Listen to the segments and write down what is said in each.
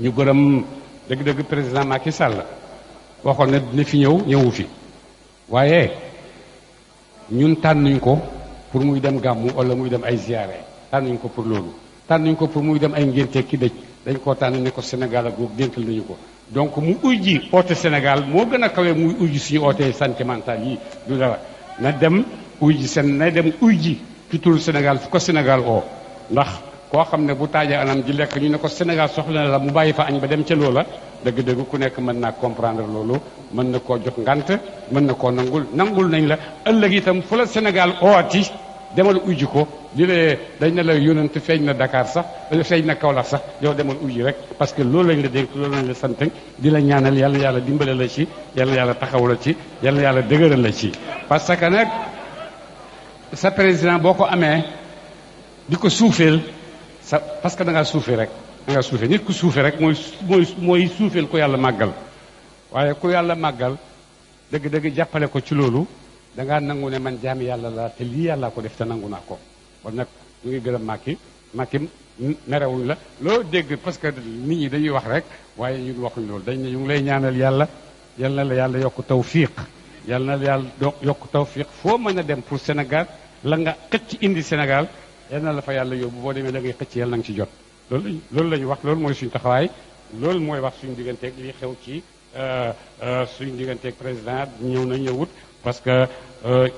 ñu gërëm dëgg-dëgg président Macky Sall waxoon na dina fi ñëw ñëwu fi waaye ñun tànnuñ ko pour muy dem gàmmu wala muy dem ay ziare tànnuñ ko pour loolu tànnuñ ko pour muy dem ay ngénte ki dëj dañ koo tànn ne ko Sénégal ak googu dénkal nañu ko donc mu ujji oote Sénégal moo gën a kawe muy ujji suñu oote sentimental yi du dara na dem ujji seen na dem ujji ci turu Sénégal fu ko Sénégal oo ndax koo xam ne bu taajee anam di lekk ñu ne ko Sénégal soxla na la mu bàyyi fa añ ba dem ca loola dëgg-dëgg ku nekk mën naa comprendre loolu mën na koo jox ngant mën na koo nangul nangul nañ la ëllëg itam fu la Sénégal ooti demal ujji ko li lee dañ ne la yónent feeñ na dakaar sax feeñ na Kaolack sax yow demal ujji rek parce que loolu lañ la dénk loolu lañ la sant di la ñaanal yàlla yàlla dimbale la ci yàlla yàlla taxaw la ci yàlla yàlla dëgëral la ci parce que sa boo ko amee di ko suufeel sa parce que da nga suufe rek da ngaa suufe nit ku suufe rek moy moy moy suufeel ko yalla magal waye ku yalla magal deug deug jappale ko ci lolu da nga nangou ne man jami yalla la te li yalla ko def te ko kon nak ñu ngi gërëm màkki màkki merewul la lo deug parce que nit ñi dañuy wax rek waye ñu waxu lool dañ ne ñu lay ñaanal yalla yalla la yalla yok tawfiq yalla na la tawfiq fo meuna dem pour senegal la nga xëc indi senegal yal la fa yàlla yóbbu boo demee la ngay xëcc yàlla nga ci jot loolu loolu la ñu wax loolu mooy suñu taxawaay loolu mooy wax suñu digganteeg li xew ci suñu digganteeg président ñëw na ñëwut parce que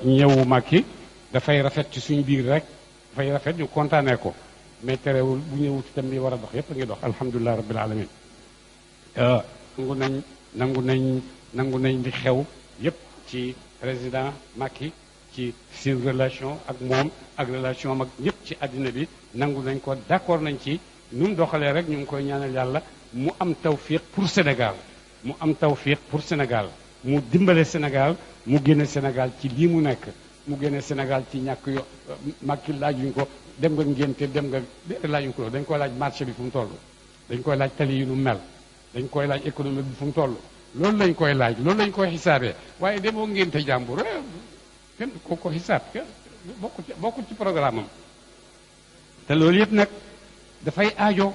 ñëwu Macky dafay rafet ci suñu biir rek dafay rafet ñu kontaanee ko mais terewul bu ñëwut itam li war a dox yépp a ngi dox alhamdulilah rabbil alamin nangu nañ nangu nañ nangu nañ li xew yépp ci président Macky ci suñu relation ak moom ak relation ak ñëpp ci àddina bi nangu nañ ko d'accord nañ ci nu mu doxalee rek ñu ngi koy ñaanal yàlla mu am tawfiq pour Sénégal mu am tawfiq pour Sénégal mu dimbale Sénégal mu génne Sénégal ci lii mu nekk mu génne Sénégal ci ñàkk yo laaj yuñ ko dem nga ngénte dem nga laajuñ ko dañ koy laaj marché bi fu mu toll dañ koy laaj tali yi nu mel dañ koy laaj économie bi fu mu toll loolu lañ koy laaj loolu lañ koy kenn ko ko xisaab kenn ci bokkul ci programme te loolu yëpp nag dafay aajo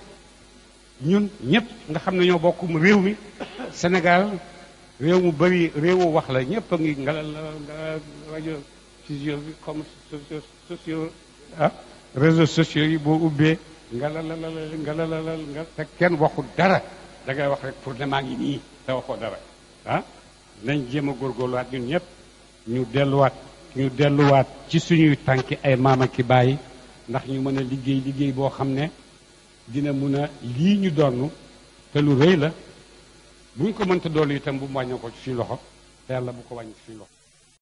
ñun ñëpp nga xam ne ñoo bokk réew mi Sénégal réew mu bëri réewu wax la ñëpp a ngi ngalal ngalal rajo physio bi comme socio ah yi boo ubbee ngalalalal ngalalalal nga te kenn waxul dara da ngay wax rek pour ne ngi nii te waxoo dara ah nañ jéem a góorgóorluwaat ñun ñëpp ñu delluwaat ñu delluwaat ci suñuy tànki ay maam ak ndax ñu mën a liggéey liggéey boo xam ne dina mun a lii ñu donn te lu rëy la buñ ko mënta doolu itam bu mu wàññee ko ci suñu loxo te yàlla bu ko wàññi ci suñu loxo